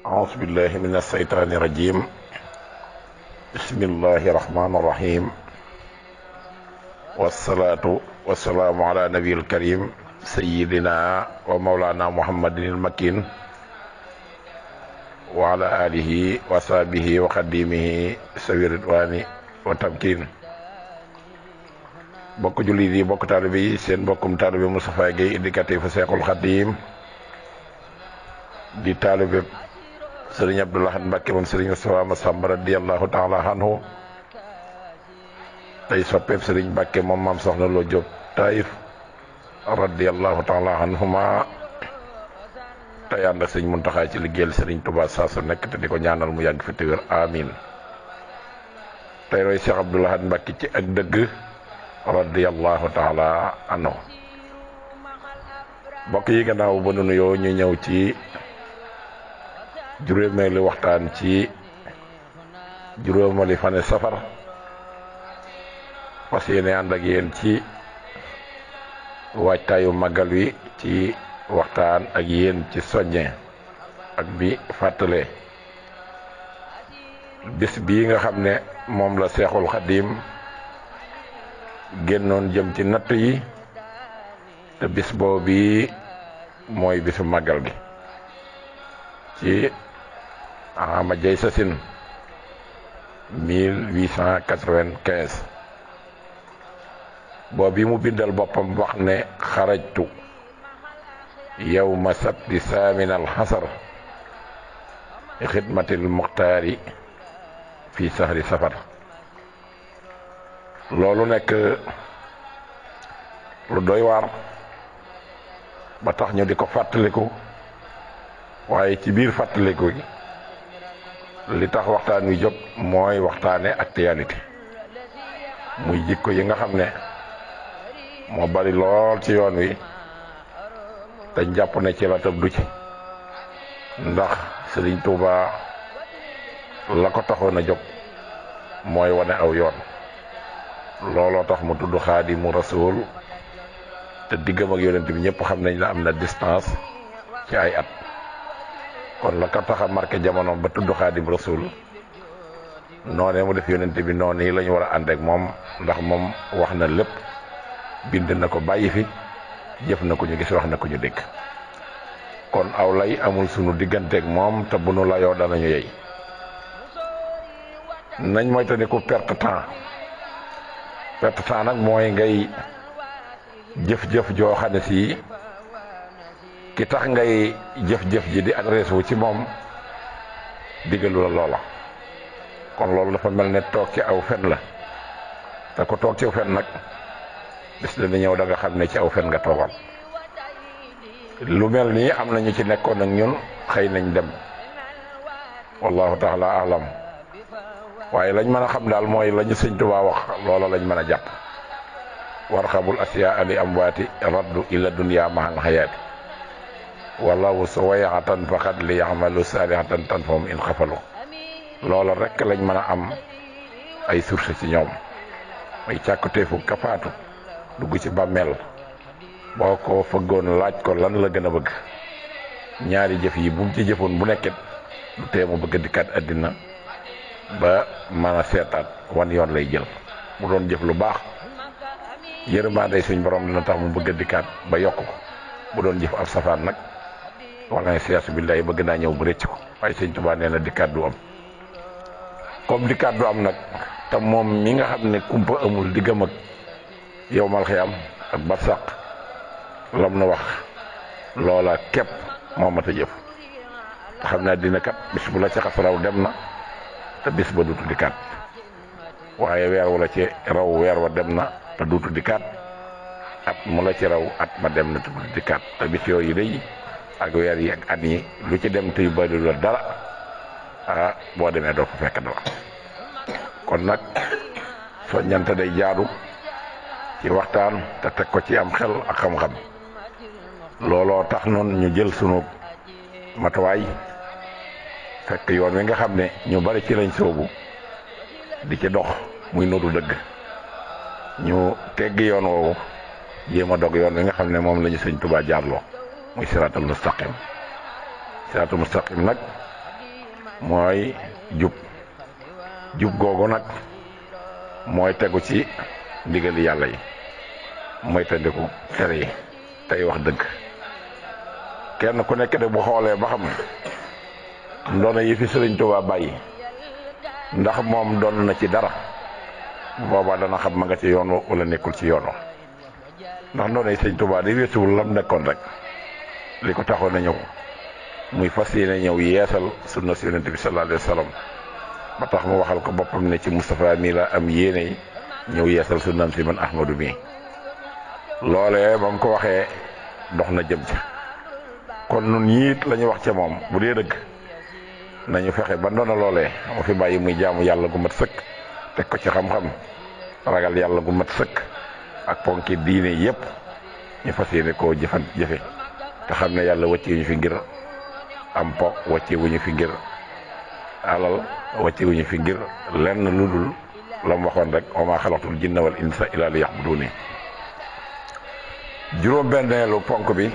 أعوذ بالله من الشيطان الرجيم بسم الله الرحمن الرحيم والصلاة والسلام على نبي الكريم سيدنا ومولانا محمد المكين وعلى آله وصحبه وقديمه سوي الرضوان والتمكين bokk jullit yi bokk taalibe yi seen bokkum taalibe Moustapha Gueye indicatif Seexul Xadiim di taalibe sëriñ Abdou Lahad Mbacke moom sëriñ Moustapha Massamba radiyallahu taala anhu tey soppeeb sëriñ Mbacke moom maam soxna loo Jóob Taïf radiyallahu taala anhuma tey ànd ak sëriñ Muntaxa ci liggéeyal sëriñ Touba saa nekk te di ko ñaanal mu yàgg fi te wér amiin tey roy Cheikh Abdou Lahad ci ak dëgg radiyallahu taala anhu mbokk yi gannaaw nu nuyoo ñëw ci juróomeeli waxtaan ci juróomali fane safar fas ak yéen ci waajtaayu màggal wi ci waxtaan ak yéen ci soññe ak bi fàttalee bis bii nga xam ne moom la seexul xadiim génnoon jëm ci natt yi te bis boobu mooy bisu màggal gi ci Arama Dieye Sassine 1895 boobu mu bindal boppam wax ne xarajtu yowma sabti saamin alxasar li xidmatil muxtaari fii sahri safar loolu nekk lu doy waar ba tax ñu di ko fàttaliku waaye ci biir fàttaliku gi li tax waxtaan wi jóg mooy waxtaane actualité muy jikko yi nga xam ne moo bari lool ci yoon wi te jàpp ne ci la tëb du ci ndax Sëriñ Tuuba la ko taxoon a jóg mooy wane aw yoon looloo tax mu tudd Xaadimu Rasuul te diggam ak yonent bi ñëpp xam nañ la am na distance ci ay at kon la ko tax a marqué jamono ba tudd xaadim rasul noonee mu def yonent bi noonu yi la ñu war a ànd ak moom ndax moom wax na lépp bind na ko bàyyi fi jëf na ko ñu gis wax na ko ñu dégg kon aw lay amul sunu digganteeg moom te bu nu layoo danañu yey nañ moytandiku perte temps perte temps nag mooy ngay jëf-jëf joo xam ki tax ngay jëf-jëf ji di adresse wu ci moom digalu la loola kon loolu dafa mel ni toog ci aw fen la te ko toog ci aw fen nag bis dana ñëw da xam ne ci aw fen nga toogal lu mel nii am nañu ci nekkoon ak ñun xëy nañ dem wallahu taala alam waaye lañ mën a xam daal mooy lañu sëñtu Tuubaa wax loola lañ mën a jàpp warxabul asiyaa li amwaati raddu ila dunya mahal xayaati walawu sawayatan faqad li tan salihatan tanfahum in xafalu loola rek lañ mën a am ay source ci ñoom ay càkkutéefu kafaatu dugg ci bàmmeel boo ko fëggoon laaj ko lan la gën a bëgg ñaari jëf yi bu ci jëfoon bu nekkit lu tee mu bëgg dikkaat àddina ba mën a seetaat wan yoon lay jël mu doon jëf lu baax yërmaande suñ borom dina tax mu bëgg ba yokk ko bu doon jëf ab safaan nag wala siyaas billahi bëgg naa ñëw bu rëcc ko waaye sëñ Tuubaa nee na dikkaat du am comme dikkaat du am nag te moom mi nga xam ne kumpa amul diggam ak yow mal am ak barsàq lam na wax loola képp moo mat a jëf te xam naa dina kat bis bu la ca xas raw dem na te bis ba duutu dikkaat waaye weer wu la ci raw weer wa dem na te duutu dikkaat at mu la ci raw at ma dem na te duutu dikkaat te bis yooyu day ak weer yi ak at yi lu ci dem te yu bari la dara ah boo demee doo ko fekk dara kon nag soññante day jaadu ci waxtaan te teg ko ci am xel ak xam-xam looloo tax noonu ñu jël sunu matuwaay fekk yoon wi nga xam ne ñu bari ci lañ soobu di ci dox muy nuru dëgg ñu tegg yoon woowu jéem dog yoon wi nga xam ne moom lañu ñu sëñ jaarloo muy siraatal mustaqim siraatal mustaqim nag mooy jub jub googu nag mooy tegu ci ndigali yàlla yi mooy tëndiku tere yi tey wax dëgg kenn ku nekk de bu xoolee ba xam ndono yi fi Sëriñ Tuubaa bàyyi ndax moom doon na ci dara booba dana xam ma nga ci yoon wala nekkul ci yoon ndax ndono yi Sëriñ Tuubaa di weesuwul lam nekkoon rek li ko taxoon a ñëw muy fas yéene ñëw yeesal sunna si yonent bi sallallahu ba tax mu waxal ko boppam ne ci Moustapha mii laa am yéene ñëw yeesal sunnam si man Ahmadou mii loolee ba mu ko waxee dox na jëm ca kon nun yiit la ñu wax ca moom bu dee dëgg nañu fexe ba ndono loolee mu fi bàyyi muy jaamu yàlla gu mat sëkk teg ko ci xam-xam ragal yàlla gu mat sëkk ak ponki diine yépp ñu fas yéene koo jëfan jëfe te xam ne yàlla wàccee wuñu fi ngir am po wàccee wuñu fi ngir alal wàccee wuñu fi ngir lenn lu dul la mu waxoon rek wa maa xalaqtul jinna wal insa illaa liya'buduun juróom-benneelu ponk bi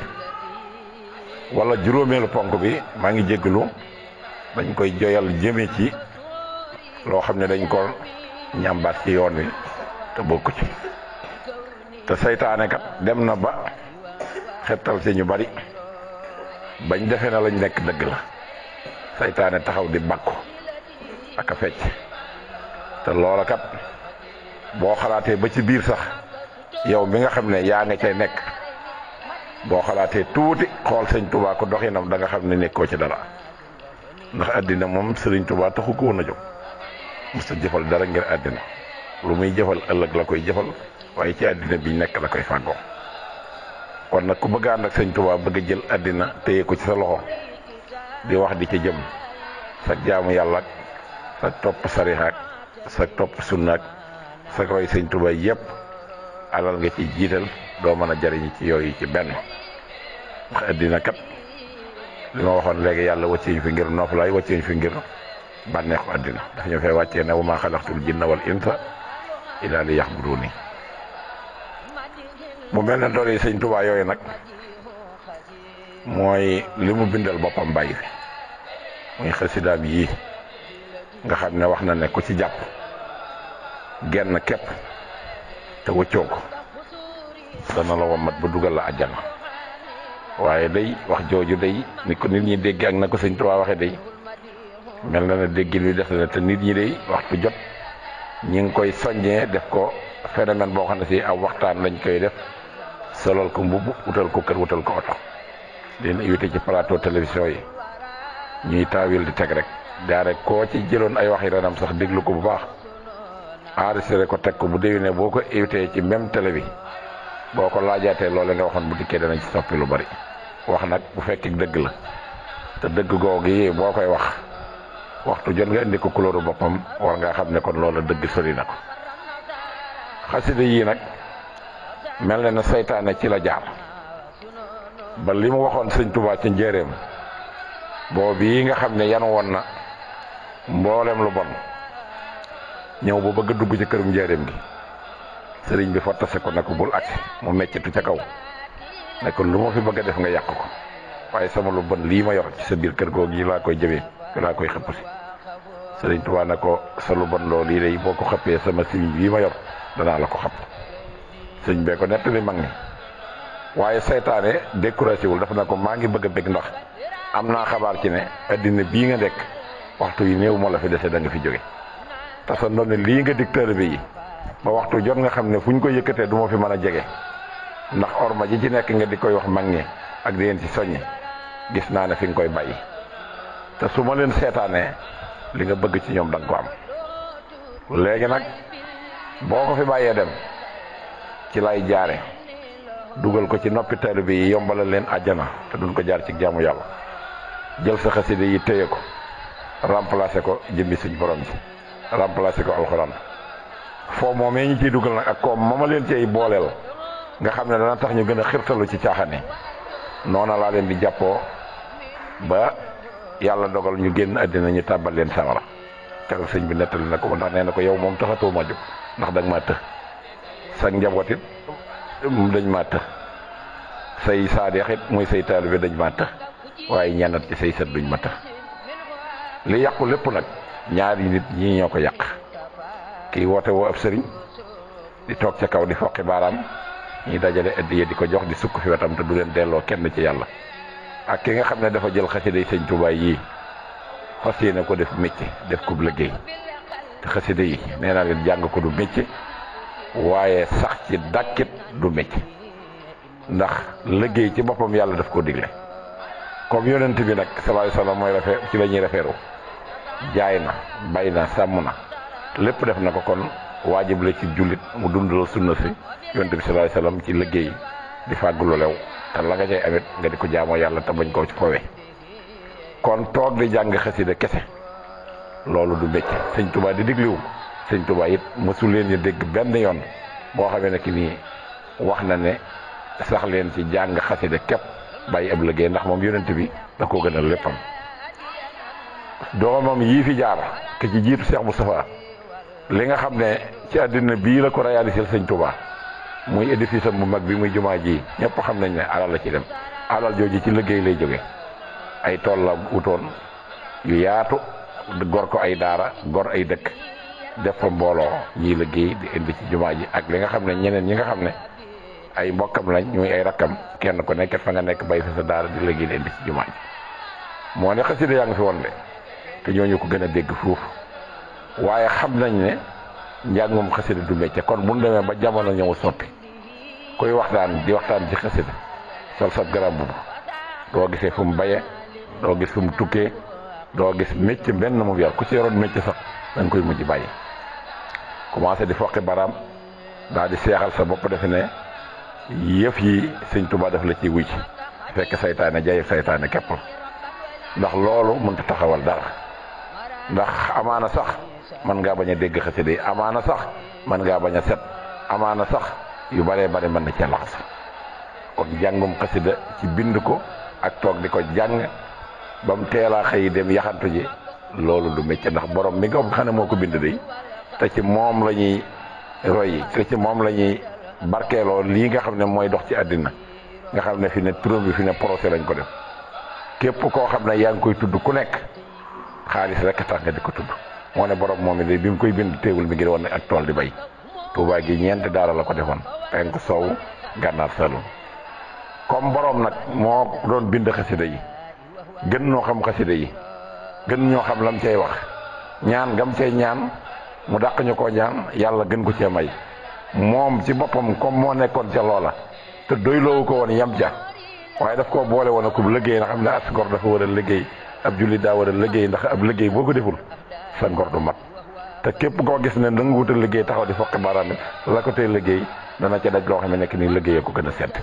wala juróomeelu ponk bi maa ngi jégalu dañ koy joyal jëme ci loo xam ne dañ ko ñambaat ci yoon wi te bokku ci te saytaane kat dem na ba. xettal si ñu bari bañ defe na lañu nekk dëgg la seytaane taxaw di bàkku ak a fecc te loola kat boo xalaatee ba ci biir sax yow mi nga xam ne yaa nga cay nekk boo xalaatee tuuti xool sëñ tubaaku dox yi da danga xam ni nekkoo ci dara ndax àddina moom sëriñ Tuubaa taxu ko woon a jóg mos a jëfal dara ngir àddina lu muy jëfal ëllëg la koy jëfal waaye ci àddina biñ nekk la koy fàggoo kon nag ku bëgg ànd ak sëñ tubaa bëgg a jël àddina téye ko ci sa loxo di wax di ca jëm sa jaamu yàlla ak topp sariha ak sa topp sunna ak roy sëñ Tuubaa yépp alal nga ci jiital doo mën a jariñ ci yooyu ci benn wax àddina kat li ma waxoon léegi yàlla wàcceeñ fi ngir nooflaay wàcceeñ fi ngir bànneexu àddina daf ñu fay wàccee ne wa maa xalaqtul jinna wal insa illa li yaxbuduuni mu mel ne doole yi sëñ Tuubaa yooyu nag mooy li mu bindal boppam bàyyi fi muy xasidaam yii nga xam ne wax na ne ku ci jàpp genn képp te wëccoo ko dana la mat ba dugal la àjjana waaye day wax jooju day ni ko nit ñi dégg ak na ko sëñ Tuubaa waxe day mel na ne déggin wi def na te nit ñi day waxtu jot ñi ngi koy soññee def ko phénomène boo xam ne si aw waxtaan lañ koy def solal ko mbubb wutal ko kër wutal ko oto dina invité ci plateau télévision yi ñuy taawil di teg rek rek koo ci jëloon ay wax yi ranam sax déglu ko bu baax enregistré ko teg ko bu déwénee boo ko invité ci même télé bi boo ko laajaatee loole nga waxoon bu dikkee danañ ci soppi lu bari wax nag bu fekkee dëgg la te dëgg googu yi boo koy wax waxtu jot nga indi ko couleur boppam war ngaa xam ne kon loola dëgg sori na ko xasida yii nag mel na ne seytaane ci la jaar ba li mu waxoon sëñ Tuubaa ci njéeréem boobu yi nga xam ne yan woon na mboolem lu bon ñëw ba bëgg a dugg ci kërum njéeréem gi sëriñ bi fottase ko ne ko bul agsi mu meccitu ca kaw ne lu ma fi bëgg a def nga yàq ko waaye sama lu bon lii ma yor ci sa biir kër googu yi laa koy jëmee laa koy xëpp si sëriñ Tuubaa ne ko sa lu bon loolu lii day boo ko xëppee sama simiñ bii ma yor danaa la ko xëpp sëñ bee ko nettali mag ñi waaye seytaane découragé wul dafa ne ko maa ngi bëgg a bëgg ndax am naa xabaar ci ne addina bii nga nekk waxtu yi néew moo la fi dese da fi jóge te sa ndono lii nga dicteur bi yi ba waxtu jot nga xam ne fu ñu ko yëkkatee du ma fi mën a jege ndax orma ji ci nekk nga di koy wax mag ñi ak di leen ci soññi gis naa ne fi nga koy bàyyi te su ma leen seetaanee li nga bëgg ci ñoom da ko am léegi nag boo ko fi bàyyee dem. ci lay jaare dugal ko ci noppi bi yi yombalal leen àjjana te duñ ko jaar ci jaamu yàlla jël sa xaside yi téye ko remplacé ko jëmbi suñ borom ji remplacé ko alxuraan foo moomee ñu ciy dugal nag ak koom ma ma leen ci ay booleel nga xam ne dana tax ñu gën a xirtalu ci caaxaan yi noona laa leen di jàppoo ba yàlla dogal ñu génn dina ñu tàbbal leen sawara keroog sëñ bi nettali na ko ndax nee na ko yow moom taxatoo ma jóg ndax danga maa të sa njaboot it dañ maa say saadeex it muy say taalibe dañ maa waaye ñenat ci say sët duñ ma li yàqu lépp nag ñaari nit ñi ñoo ko yàq kii woote woo ab sëriñ di toog ca kaw di foqi baaraam ñi dajale addiya di ko jox di sukk fi wetam te du leen delloo kenn ci yàlla ak ki nga xam ne dafa jël xasida yi sëñ Tuubaa yii fas yéene ko def métier def ko liggéey te xasida yi nee naa leen jàng ko du métier waaye sax ci dàkkit du mecc ndax liggéey ci boppam yàlla daf koo digle comme yonent bi nag sallallahu alayhi wasallam mooy refee ci lañuy ñuy jaay na bay na sàmm na lépp def na ko kon waajib la ci jullit mu dundal sunna si yonent bi sallallahu alayhi ci liggéey di fàgg lu lew te la nga cay amit nga di ko jaamoo yàlla te bañ koo ci fowe kon toog di jàng xasida kese loolu du mécc sëñ Tuubaa di digliwu sëñ Tuubaa it mësu leen ñu dégg benn yoon boo xamee ne ki nii wax na ne sax leen ci jàng xasida képp bàyyi ab liggéey ndax moom yonent bi da koo gënal léppam doomam yii fi jaar ki ci jiitu Cheikh Moustapha li nga xam ne ci àddina bii la ko réalisé sëñ Touba muy édifice am bu mag bi muy jumaa ji ñëpp xam nañ ne alal la ci dem alal jooju ci liggéey lay jóge ay tool la wutoon yu yaatu gor ko ay daara gor ay dëkk def fa mbooloo ñiy liggéey di indi ci jumaa ji ak li nga xam ne ñeneen ñi nga xam ne ay mbokkam lañ ñuy ay rakkam kenn ku nekk fa nga nekk bay fa sa daar di liggéey di indi ci jumaa ji moo ne xasida yaa fi woon de te ñu ko gën a dégg fuuf waaye xam nañ ne njàngum xasida du métier kon bu ñu demee ba jamono ñëw soppi kuy waxtaan di waxtaan ci xasida sol sab garab bu doo gisee fu mu baye doo gis fu mu tukkee doo gis métier benn mu yor ku ci yoroon métier sax da koy mujj bàyyi commencé di foqi baram daal di seexal sa bopp defe ne yëf yi sëñ Tuubaa la ci wuy ci fekk saytaane jaay saytaane képp ndax loolu mënta taxawal dara ndax amaana sax man ngaa bañ a dégg xasida yi amaana sax man ngaa bañ a set amaana sax yu baree bari mën na cee laxas kon jàngum xasida ci bind ko ak toog di ko jàng ba mu teelaa xëy dem yaxantu ji loolu du mécc ndax borom bi nga xam ne moo ko bind day te ci moom la ñuy roy te ci moom la ñuy barkeeloo lii nga xam ne mooy dox ci àddina nga xam ne fi ne turam bi fi ne procès lañ ko def képp koo xam ne yaa ngi koy tudd ku nekk xaalis rek tax nga di ko tudd moo ne borom moom it bi mu koy bind teewul mi ngi woon ak tool di bay Tuubaa gi ñeent daara la ko defoon ko soow gànnaar Saalum comme borom nag moo doon bind xasida yi gën ñoo xam xasida yi gën ñoo xam lam cay wax ñaan gam cay ñaan mu dàq ñu koo ñaan yàlla gën ko cee may moom ci boppam comme moo nekkoon ca loola te doyloowu ko woon yam ja waaye daf koo boole woon akub liggéey nga xam ne as ngor dafa war a liggéey ab julli daa war a liggéey ndax ab liggéey boo ko deful sa ngor du mat te képp koo gis ne danga wutal liggéey taxaw di foqi baaraam la ko tey liggéey dana ca daj loo xam ne nekk nii liggéey ko gën a sedd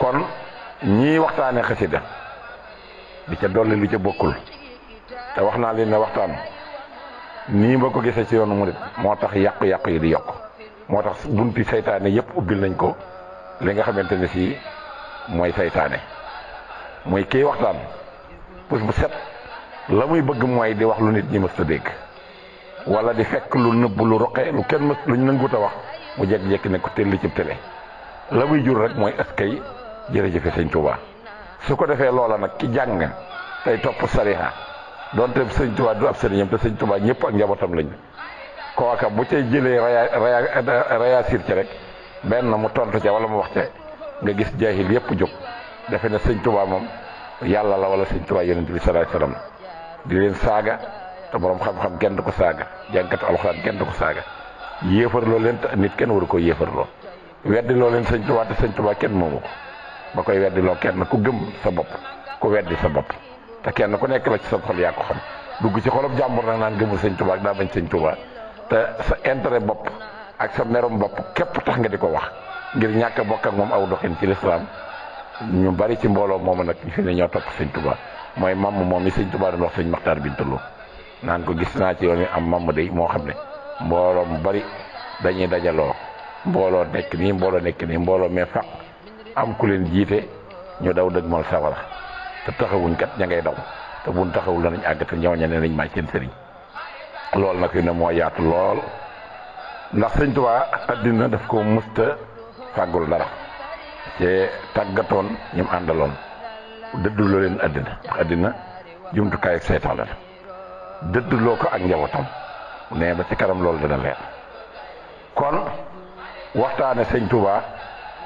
kon ñii waxtaanee xasida di ca dolli lu ca bokkul te wax naa leen ne waxtaan nii ba ko gisee ci yoonu murit moo tax yàqu-yàqu yi di yokk moo tax bunti seytaane yëpp ubbil nañ ko li nga xamante ne sii mooy saytaane mooy kii waxtaan bés bu set la muy bëgg mooy di wax lu nit ñi mës a dégg walla di fekk lu nëbb lu roqe lu kenn mës luñ nangut a wax mu jékki-jékki ne ko telli ci télé la muy jur rek mooy askay jërëjëfe sëñ Tuubaa su ko defee loola nag ki jàng tey topp sariha donte sëñ Tuubaa du ab sëriñam te sëñ Tuubaa ñëpp ak njabootam lañu kooka bu cay jëlee raya rayaasir ci rek benn mu tontu ca wala mu wax ca nga gis jaahil yëpp jóg defe na sëñ Tuubaa moom yàlla la wala sëñ Tuubaa yonent bi sallallahu alayhi wasallam di leen saaga te boroom xam-xam kenn ko saaga jànkatu alxuraan kenn du ko saaga yéefarloo leen te nit kenn waru ko yéefarloo weddiloo leen sëñ Tuubaa te sëñ Tuubaa kenn moomu ko ba koy weddiloo kenn ku gëm sa bopp ku weddi sa bopp te kenn ku nekk la ci sa xol yaa ko xam dugg ci xolub jàmbur nag naan gëmul sëñ Tuubaa ak daa bañ sëñ Tuubaa te sa intérêt bopp ak sa merum bopp képp tax nga di ko wax ngir ñàkk bokk ak moom aw doxin ci lislaam ñu bari ci mbooloo moomu nag ñu fi ne ñoo topp sëñ Tuubaa mooy mamm moom mi sëñ Tuubaa doon wax sëñ Maxtaar Bintaloo naan ko gis naa ci yoon yi am mamm dey moo xam ne mbooloo mu bari dañuy dajaloo mbooloo nekk nii mbooloo nekk nii mbooloo mee faq am ku leen jiite ñu daw dëgmal sawara te taxawuñ kat ña ngay daw te buñ taxawul danañ àgg te ñooña ne nañ maay seen sëriñ loolu nag ne moo yaatu lool ndax sëñ Tuubaa àddina daf ko musta fàggul dara te tàggatoon ñum àndaloon dëdduloo leen àddina ndax àddina jumtukaayu seytaan la dëdduloo ko ak njabootam ne ba ci kanam loolu dana leer kon waxtaane sëñ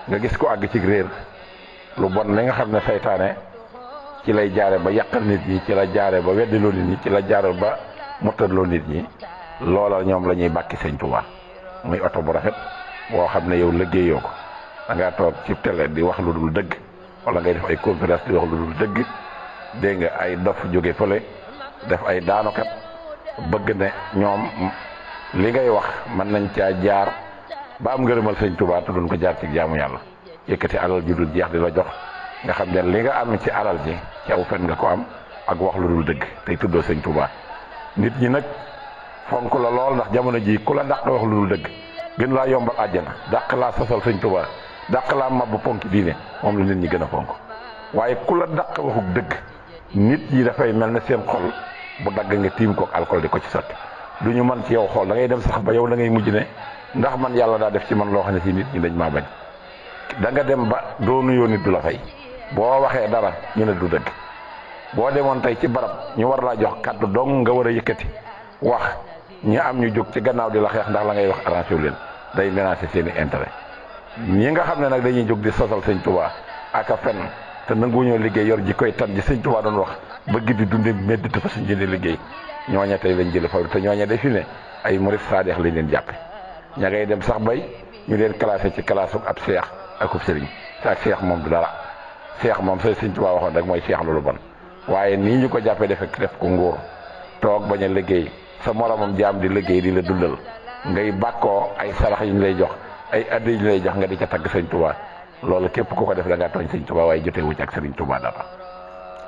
nga gis ko àgg ci réer lu bon li nga xam ne seytaane ci lay jaare ba yàqal nit ñi ci la jaare ba weddiloo nit ñi ci la jaare ba mottaloo nit ñi loola ñoom la ñuy bàkki sëñ Tuubaa muy oto bu rafet boo xam ne yow liggéeyoo ko danga toog ci tele di wax lu dul dëgg wala ngay def ay conférence di wax lu dul dëgg dégg nga ay dof jóge fële def ay daanokat bëgg ne ñoom li ngay wax mën nañ caa jaar ba am ngërëmal sëñ Tuubaa te duñ ko jaar ci jaamu yàlla yëkkati alal ju dul jeex di la jox nga xam ne li nga am ci alal ji ci aw fen nga ko am ak wax lu dul dëgg tey tuddoo sëñ Touba nit ñi nag fonk la lool ndax jamono ji ku la dàq wax lu dul dëgg gën laa yombal àjjana dàq laa sosal sëñ Touba dàq laa bu ponk diine moom la nit ñi gën a fonk waaye ku la dàq waxu dëgg nit yi dafay mel ne seen xol bu dagg nga tiim kook alcool di ko ci sotti du ñu man ci yow xool da dem sax ba yow da ngay mujj ne ndax man yàlla daa def ci man loo xam ne si nit ñi dañ maa bañ da nga dem ba doonu yoon nit du la fay boo waxee dara ñu ne du dëgg boo demoon tey ci barab ñu war laa jox kàddu dong nga war a yëkkati wax ñu am ñu jóg ci gannaaw di la xeex ndax la ngay wax arrangé wu leen day menacer seeni intérêt ñi nga xam ne nag dañuy jóg di sosal sëñ Tuubaa ak a fenn te nanguwuñoo liggéey yor ji koy tan ji sëñ Tuubaa doon wax ba bëgg di dundee médd te fa suñ jëndee liggéey ñooña tey lañ jële fa te ñoo day fi ne ay murit saadeex lañ leen jàppe ña ngay dem sax bay ñu leen classé ci classe ab seex akub sëriñ moom du dara seex moom sa sëñ Tuubaa waxoon rek mooy seex lu bon waaye nii ñu ko jàppee defe def ko nguur toog bañ a liggéey sa moromam jaam di liggéey di la dundal ngay bàkkoo ay sarax yu ñu lay jox ay addi yu ñu lay jox nga di ca tagg sëñ Tuubaa loolu képp ku ko def da ngaa tooñ sëñ Tuubaa waaye jotee wu ci ak sëriñ Tuubaa dara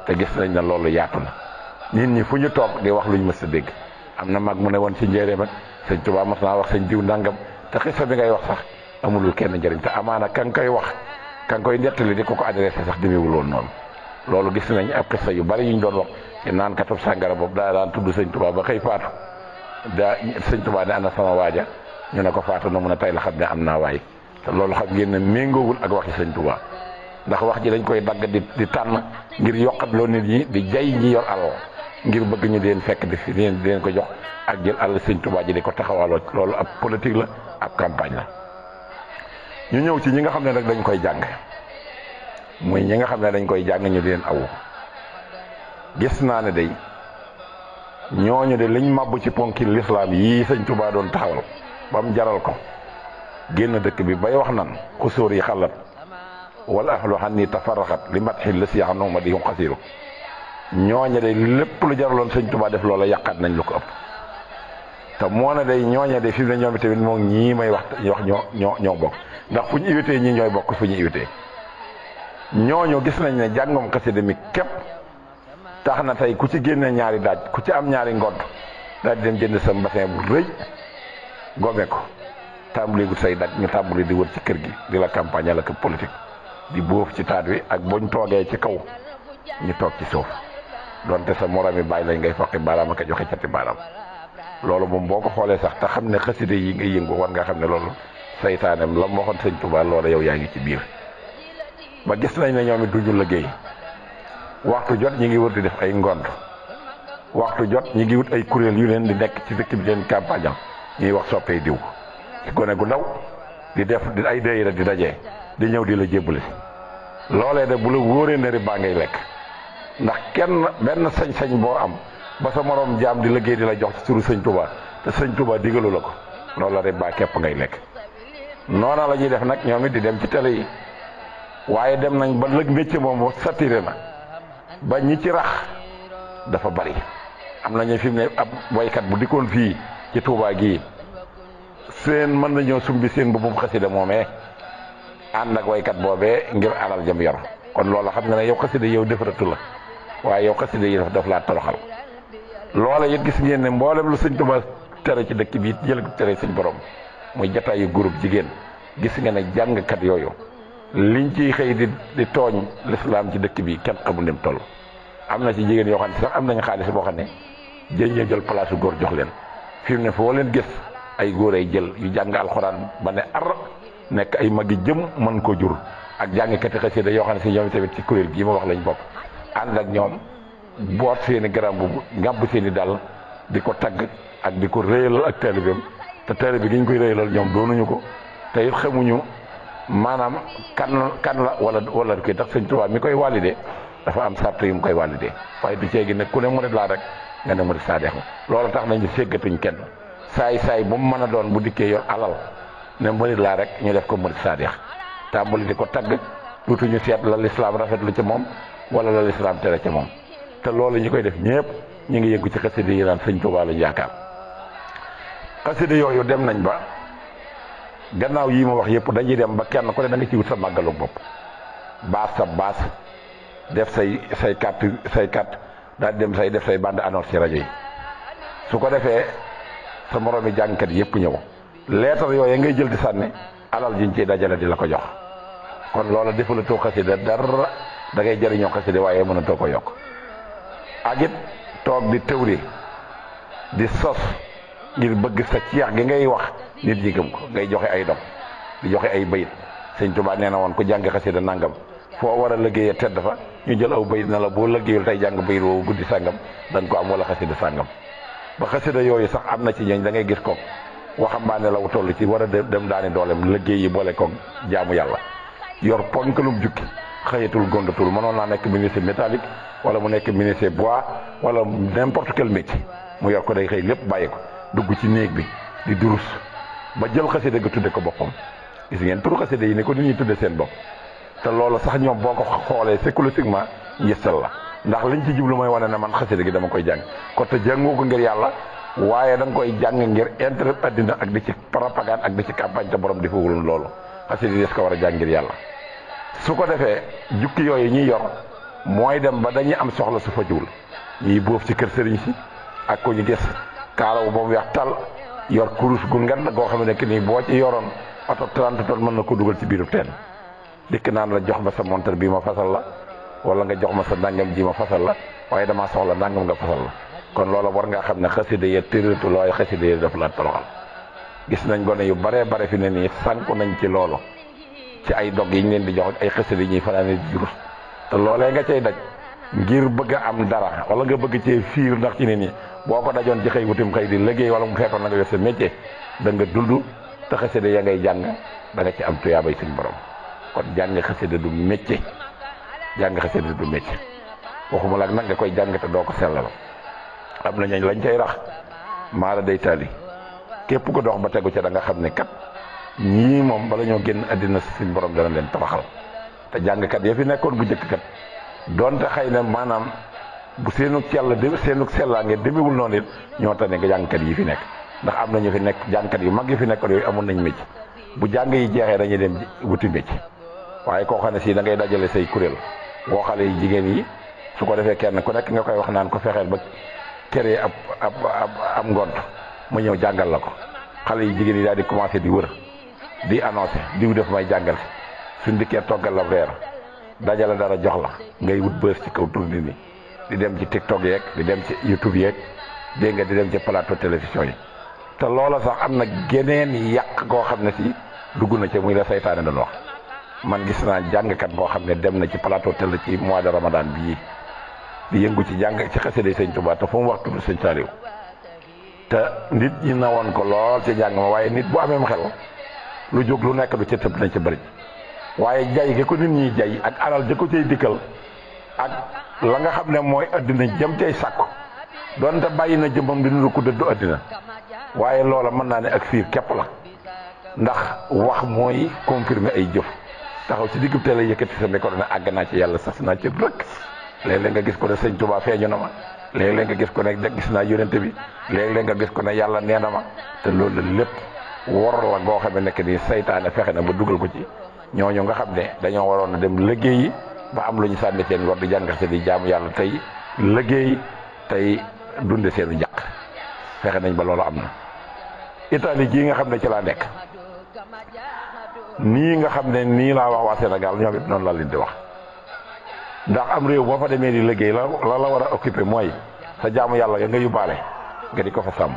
te gis nañ ne loolu yaatu na nit ñi fu ñu toog di wax lu ñu mës sa dégg am na mag mu ne woon ci njëreem ak sëñ Tuubaa mas naa wax sañ diw nangam te xisa bi ngay wax sax amulul kenn njëriñ amaana kan koy wax ka nga koy nettali di ko ko adressé sax demeewul woon noonu loolu gis nañ ab xista yu bari yu ñu doon wax ci naan katab sàngara boobu daa daan tudd sëñ Tuubaa ba xëy faatu daa sëñ Tuubaa ne ana sama waaja ñu ne ko faatu na mun a tey la xam ne am naa waay te loolu xam ngeen ne méngoowul ak waxi sëñ Tuubaa ndax wax ji dañ koy dagg di tànn ngir yokkatloo nit ñi di jay ñi yor alal ngir bëgg ñu deen fekk di fi deen ko jox ak jël alal sëñ Tuubaa ji di ko taxawaloo loolu ab politique la ab campagne ñu ñëw ci ñi nga xam ne nag dañu koy jàng muy ñi nga xam ne dañ koy jàng ñu di leen awu gis naa ne day ñooñu de liñ màbbu ci ponki lislaam yii sëñ Tuubaa doon taxawal ba mu jaral ko génn dëkk bi bay wax nan ku sóor yi xalat wala ahlu xan ni tafaraxat li mat xil la si xanuma di um xasiru ñooñe day lépp lu jaraloon sëñ tubaa def loola yàqaat nañ lu ko ëpp te moo ne day ñooñe day fi mu ne ñoom tamit moom ñii may wax wax ñoo ñoo ñoo bokk ndax fu ñu iwitee ñi ñooy bokk fu ñu iwitee ñooñu gis nañ ne jàngum xasida mi képp tax na tey ku ci génne ñaari daaj ku ci am ñaari ngodd daal di dem jënd sa mbasin bu rëy gome ko tàmbali wut say daaj ñu tàmbali di wër ci kër gi di la campagne la ko politique di bóof ci taat wi ak buñ toogee ci kaw ñu toog ci suuf donte sa morom yi bàyyi lañ ngay foqi baaraam ak a joxe cati baaraam loolu moom boo ko xoolee sax te xam ne xasida yi ngay yëngu war nga xam ne loolu saytaaneem la mu waxoon sëñ Tuubaa loola yow yaa ngi ci biir ba gis nañ ne ñoom it duñu liggéey waxtu jot ñi ngi wër di def ay ngont waxtu jot ñi ngi wut ay kuréel yu leen di nekk ci dëkk bi leen campagne ñuy wax soppee diw ci gone gu ndaw di def di ay rek di dajee di ñëw di la jébbale si loolee de bu la wóoree ne ribaa ngay lekk ndax kenn benn sañ-sañ boo am ba sa moroom jaam di liggéey di la jox ci turu sëñ Tuubaa te sëñ Tuubaa digalu la ko loolu la ngay lekk noona la ñuy def nag ñoom it di dem ci télé yi waaye dem nañ ba lëg métier moom saturé na ba ñi ci rax dafa bari am nañu fi mu ne ab waykat bu dikkoon fii ci Touba gii seen mën nañoo sumbi seen bubum xasida moomee ànd ak waykat boobee ngir alal jëm yor kon loolu xam nga ne yow xasida yow defaratu la waaye yow xasida yi daf laa toroxal loola it gis ngeen ne mboolem lu sëñ Touba tere ci dëkk bi it jël tere sëñ borom muy jataayu groupe jigéen gis nga ne jàngkat yooyu liñ ciy xëy di di tooñ lislaam ci dëkk bi kenn xamul ni mu am na ci jigéen yoo xam ne sax am nañ xaalis boo xam ne jëñ jël place góor jox leen fi mu ne foo leen gis ay góor ay jël yu jàng alxuraan ba ne ar nekk ay mag magi jëm mën ko jur ak jàngkati xasida yoo xam ne si ñoom tamit ci kuréel gii ma wax lañ bokk ànd ak ñoom boot seen garam bu ngàbb seen i dal di ko tagg ak di ko réyal ak taalibeem te teere bi ñu koy rëy loolu ñoom doonuñu ko te it xamuñu maanaam kan kan la wala wala kii tax sëñ Tuubaa mi koy validé dafa am sart yu mu koy validé waaye du ceegi nag ku ne murid laa rek nga ne murid saadeex ma loolu tax nañu séggatuñ kenn saay saay bu mu mën a doon bu dikkee yor alal ne murid laa rek ñu def ko murid saadeex tàmbali di ko tagg duutuñu seet la lislaam rafetlu ci moom wala la lislaam tere ca moom te loolu ñu koy def ñëpp ñu ngi yëngu ci xasida yi naan sëñ Tuubaa lañu yaakaar xasida yooyu dem nañ ba gannaaw yi ma wax yëpp dañuy dem ba kenn ku ne da ci wut sa màggalu bopp baas sa baas def say say kat say carte daal dem say def say bande annonce ci rajo yi su ko defee sa moroomi jàngkat yëpp ñëw leetar yooyu ngay jël di sànni alal jiñ ciy dajale di la ko jox kon loola defalatoo xasida dara da ngay jëriñoo xasida waaye mënatoo ko yokk ak toog di tëwri di sos ngir bëgg sa ceex gi ngay wax nit yi gëm ko ngay joxe ay dom di joxe ay bayit sëñ Tuubaa nee na woon ku jàng xasida nangam foo war a liggéeyee tedd fa ñu jël aw bayit na la boo liggéeyul tey jàng bayit woowu guddi sàngam dañ ko am wala xasida sàngam ba xasida yooyu sax am na ci ñooñ da ngay gis ko waxambaane la wu toll ci war a dem daani dooleem liggéey yi boole koog jaamu yàlla yor ponkalum jukki xëyatul gondatul mënoon naa nekk ministre métallique wala mu nekk ministre bois wala n'importe quel métier mu yor ko day xëy lépp bàyyi ko dugg ci néeg bi di durus ba jël xasida ga tudde ko boppam gis ngeen turu xasida yi ne ko dañuy tudde seen bopp te loola sax ñoom boo ko xoolee sécologiquement njëstal la ndax liñ ci jublu mooy wane ne man xasida gi dama koy jàng kon te jàngoo ko ngir yàlla waaye da koy jàng ngir intérêt addina ak di ci propagande ak di ci campagne te borom di defewuloon loolu xasida yi des ko war a jàng ngir yàlla su ko defee jukki yooyu ñuy yor mooy dem ba dañuy am soxla su fajuwul ñuy boof ci kër sëriñ si ak ko ñu des kaalaw boobu weex tàll yor kurus gu ngand goo xam ne que ni boo ci yoroon oto 30 tonnes mën na ko dugal ci biiru teen dikk naan la jox ma sa montar bii ma fasal la wala nga jox ma sa nangam ji ma fasal la waaye damaa soxla nangam nga fasal la kon loola war ngaa xam ne xasida ya tëratu looy xasida ya daf la toroxal gis nañ gone yu baree bare fi ne nii sànku nañ ci loolu ci ay dog yi ñu leen di jox ay xasida yi ñuy fanaane di rus te loolee nga cay daj ngir bëgg a am dara wala nga bëgg ci fiir ndax ci ne nii boo ko dajoon ci xëy wutim xëy di liggéey wala mu fekkoon na nga yor sa métier da nga dund te xasida yaa ngay jàng da ci am tuyaabay suñ borom kon jàng xasida du métier jàng xasida du métier waxuma la nag nga koy jàng te doo ko sellal am na ñañ lañ koy rax maara day taali képp ko dox ba tegu ca da nga xam ne kat ñii moom bala ñoo génn àddina suñ borom dana leen tabaxal te jàngkat ya fi nekkoon bu njëkk donte xëy na maanaam bu seenug sell de seenug sellaange demewul noonu it ñoo tax ne nga jàngkat yi fi nekk ndax am na ñu fi nekk jàngkat yu mag yi fi nekkoon yooyu amoon nañ mécc bu jàng yi jeexee dañuy dem wuti mécc waaye koo xam ne si da ngay dajale say kuréel woo xale yi jigéen yi su ko defee kenn ku nekk nga koy wax naan ko fexeel ba kere ab ab ab am ngont mu ñëw jàngal la ko xale yi jigéen yi daal di commencé di wër di di diw def may jàngal suñ dikkee toggal la reer dajale dara jox la ngay wut bës ci kaw tur bi di dem ci tiktok yeeg di dem ci youtube yeeg dégg nga di dem ci plateau télévision yi te loola sax am na geneen yàq goo xam ne si dugg na ci muy la seytaane doon wax man gis naa jàngkat boo xam ne dem na ci plateau télé ci mois de ramadan bii di yëngu ci jàng ci xasida sëñ Tuubaa te fu mu wax tudd sëñ te nit ñi woon ko lool ci jàng ma waaye nit bu amee xel lu jóg lu nekk du ca tëb na ci bëri waaye jay gi ko nit ñuy jay ak alal ja ko cay dikkal ak la nga xam ne mooy àddina jëm cay sàkku donte bàyyi na jëmam di nuru ko dëddu àddina waaye loola mën naa ne ak fiir képp la ndax wax mooy confirmer ay jëf taxaw si digg teel a yëkkati sa micro ne àgg naa ci yàlla sas naa ci rëkk léeg-léeg nga gis ko ne sëñ Touba feeñu na ma léeg-léeg nga gis ko ne gis naa yonente bi léeg-léeg nga gis ko ne yàlla nee na ma te loolu lépp wor la goo xam ne nekk nii saytaane fexe na ba dugal ko ci ñooñu nga xam ne dañoo waroon a dem liggéeyi ba am lu ñu sànni seen war di jàngal seen i jaamu yàlla tey liggéey tey dunde seenu njàq fexe nañ ba loolu am na Italie gii nga xam ne ci laa nekk nii nga xam ne nii laa wax waa Sénégal ñoom it noonu laa leen di wax ndax am réew boo fa demee di liggéey la la la war a occupé mooy sa jaamu yàlla nga nga yóbbaale nga di ko fa sàmm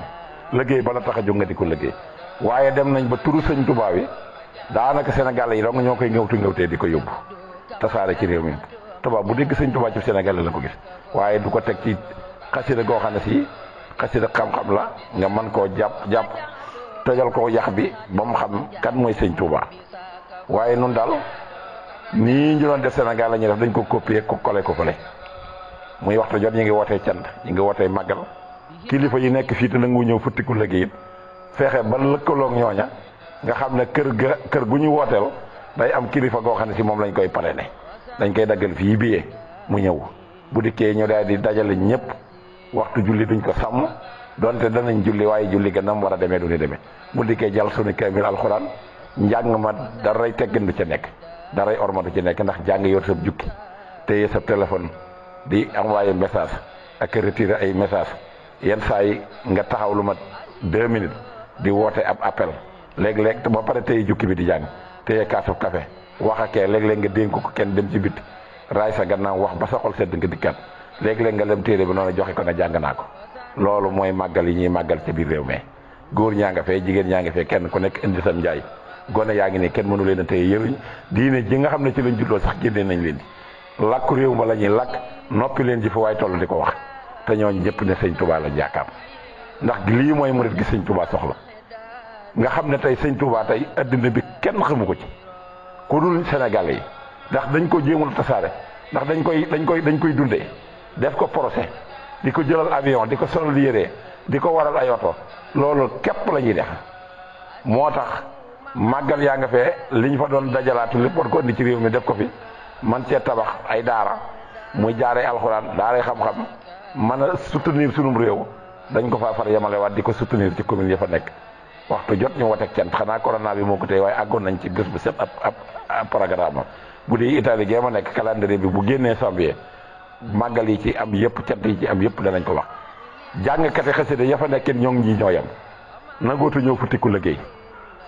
liggéey ba la tax a jóg nga di ko liggéey waaye dem nañ ba turu sëñ Tuubaa wi daanaka Sénégal yi dong ñoo koy ngëwtu ngëwtee di ko yóbbu tasaare ci réew mi tubaab bu dégg sëñ tubaab ci Sénégal la ko gis waaye du ko teg ci xasida goo xam ne si xasida xam-xam la nga mën koo jàpp jàpp tojal ko yax bi ba mu xam kan mooy sëñ Touba waaye nun daal nii ñu doon def Sénégal la ñuy def dañ ko copier ko kole ko kole muy waxtu jot ñu ngi wootee cant ñu ngi wootee màggal kilifa yi nekk fii te nangu ñëw futtiku liggéey it fexe ba lëkkaloog ñooña nga xam ne kër ga kër gu ñu wooteel day am kilifa goo xam ne si moom lañ koy ne dañ koy daggal fii billet mu ñëw bu dikkee ñu daal di dajale ñëpp waxtu julli duñ ko sàmm donte danañ julli waaye julli gannam war a demee du ni demee bu dikkee jàll suñu kaamil alxuraan njàng ma daray teggin du ca nekk daray orma du ca nekk ndax jàng yoot sab jukki te sa téléphone di envoyé message ak retiré ay message yenn saa yi nga taxaw lu mat deux minutes di woote ab appel léeg-léeg te ba pare téye jukki bi di jàng téye kaasub kafe wax akee léeg-léeg nga dénk ko kenn dem ci bit raay sa gannaaw wax ba sa xol sedd nga dikkaat léeg-léeg nga lem téere bi noonu joxe ko na jàng naa ko loolu mooy màggal yi ñuy màggal ci biir réew mi góor ñaa nga fee jigéen ñaa nga fee kenn ku nekk indi sam njaay gone yaa ngi ne kenn mënu leen a téye yëruñ diine ji nga xam ne ci lañ juddoo sax génnee nañ leen di làkku réew ma la ñuy làkk noppi leen ji fa toll di ko wax te ñooñu ñëpp ne sëñ tubaa lañ yaakaar ndax lii mooy murit gi sëñ tubaa soxla nga xam ne tey sëñ Touba tey addina bi kenn xamu ko ci ku dul Sénégalais yi ndax dañ ko jéemul tasaare ndax dañ koy dañ koy dañ koy dundee def ko procès di ko jëlal avion di ko solal yére di ko waral ay oto loolu képp la ñuy def moo tax màggal yaa nga fee li ñu fa doon dajalaatu lépp war ko indi ci réew mi def ko fi man cee tabax ay daara muy jaaree alxuraan daaray xam-xam mën a soutenir sunum réew dañ ko faa far yemalewaat di ko soutenir ci commune ya fa nekk waxtu jot ñu woteeg cent xanaa corona bi moo ko tey waaye àggoon nañ ci bés bu set ab ab programme bu dee Italie gee ma nekk calendrier bi bu génnee janvier màggal yi ci am yëpp cant yi ci am yëpp danañ ko wax jàngkati xasida ya fa nekkee ñoo ngi ñoo yem nangootu ñëw futiku liggéey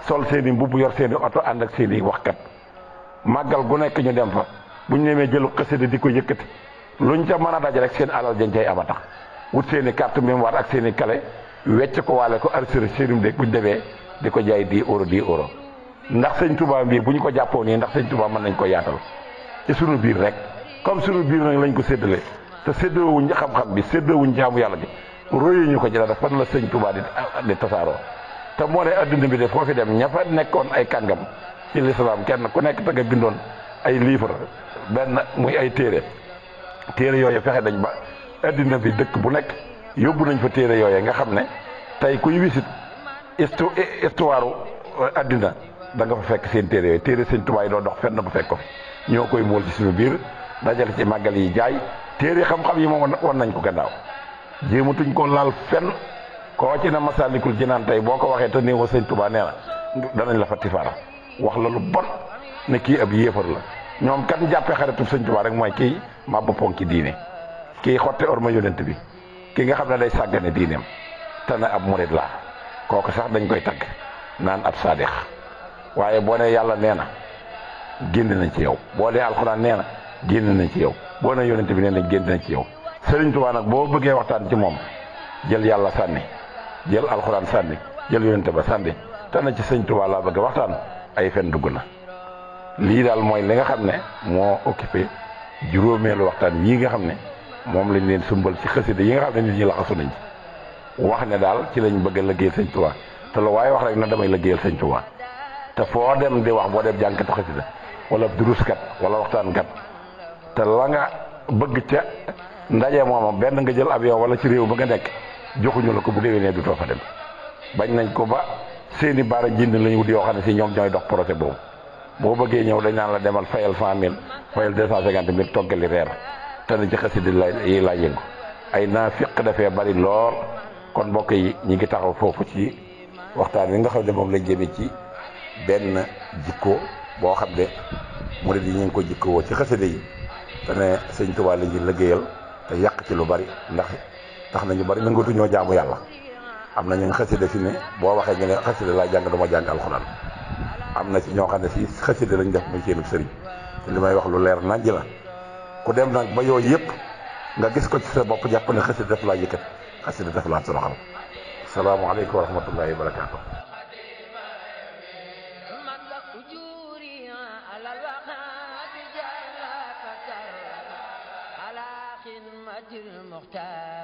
sol seeni i mbubb yor seeni i oto ànd ak seen i waxkat màggal gu nekk ñu dem fa bu ñu nemee jëlu xasida di ko yëkkati luñ ca mën a daj rek seen alal dañ cay am a tax wut seen i carte mémoire ak seen i wecc ko waale ko arsira sérim bu buñ defee di ko jaay 10 euros 10 euros ndax sëñ Touba bii bu ñu ko jàppoo nii ndax sëñ Touba mën nañ ko yaatal ci sunu biir rek comme sunu biir nag lañ ko séddale te séddoowuñ xam-xam bi séddoowuñ jaamu yàlla bi royuñu ko ci dara fan la sëñ Touba di di tasaaroo te moo ne adduna bi de foo fi dem ña fa nekkoon ay kàngam ci lislaam kenn ku nekk te nga bindoon ay livre benn muy ay téere téere yooyu fexe dañ ba adduna bi dëkk bu nekk yóbbu nañ fa téere yooye nga xam ne tey kuy wisit istu istuwaaru àddina euh, da nga fa fekk seen téere yooyu téere seen tubaay doo dox fenn ba fekk ko fi ñoo koy móol ci suñu biir dajale ci màggal yi jaay téere xam-xam yi moom wan nañ ko gannaaw jéematuñ ko laal fenn koo ci na masalikul jinaan tey boo ko waxee te néewoo sëñ tubaa nee na danañ la fa tifaara wax la lu bon ne kii ab yéefar la ñoom kan jàppee xaritu sëñ tubaa rek mooy kii ma boppon ki kii xotte orma yonent bi ki nga xam ne day sàggane diineem te na ab murit laa kooku sax dañ koy tagg naan ab saadix waaye boo ne yàlla nee na génn nañ ci yow boo dee alxuraan nee na génn nañ ci yow boo ne yonent bi nee na génn nañ ci yow Sëriñ Tuubaa nag boo bëggee waxtaan ci moom jël yàlla sànni jël alxuraan sànni jël yonent ba sànni te na ci sëñ Tuubaa laa bëgg waxtaan ay fen dugg na lii daal mooy li nga xam ne moo occupé juróomeelu waxtaan yii nga xam ne moom lañ leen sumbal ci xasida yi nga xam ne nit ñi laxasu nañ ci wax ne daal ci lañ bëgg a sañ sëñ Tuubaa te lu waaye wax rek na damay lëggéeyal sëñ Tuubaa te foo dem di wax boo dem jànkatu xasida wala duruskat wala gat te la nga bëgg ca ndaje moom benn nga jël avion wala ci réew ba nga nekk joxuñu la ko bu dee déwénee du too fa dem bañ nañ ko ba seeni baara jind lañu wut yoo xam ne si ñoom ñooy dox projet boobu boo bëggee ñë dañ naan la demal fayal cent mille fayal deux cent cinquante mille toggali reer te ne ci xasida yi lay yëngu ay naafiq dafee bari lool kon mbokk yi ñu ngi taxaw foofu ci waxtaan wi nga xaw de moom lañ jëme ci benn jikko boo xam ne murid yi ñu ngi ko jikko woo ci xasida yi te ne sëñ Tuubaa la ñuy te yàq ci lu bari ndax tax nañu bari ñoo jaamu yàlla am na ñu xasida fi ne boo waxee ñu ne xasida laa jàng dama jàng alxuraan am na ci ñoo xam ne si xasida lañu def muy seenu sëriñ te li may wax lu leer nañ la ku dem nag ba yooyu yëpp nga gis ko ci sa bopp jàpp ne xasida def laa yëkkat xasida def laa soroxal salaamaaleykum wa rahmatullahi wa barakaatu المختار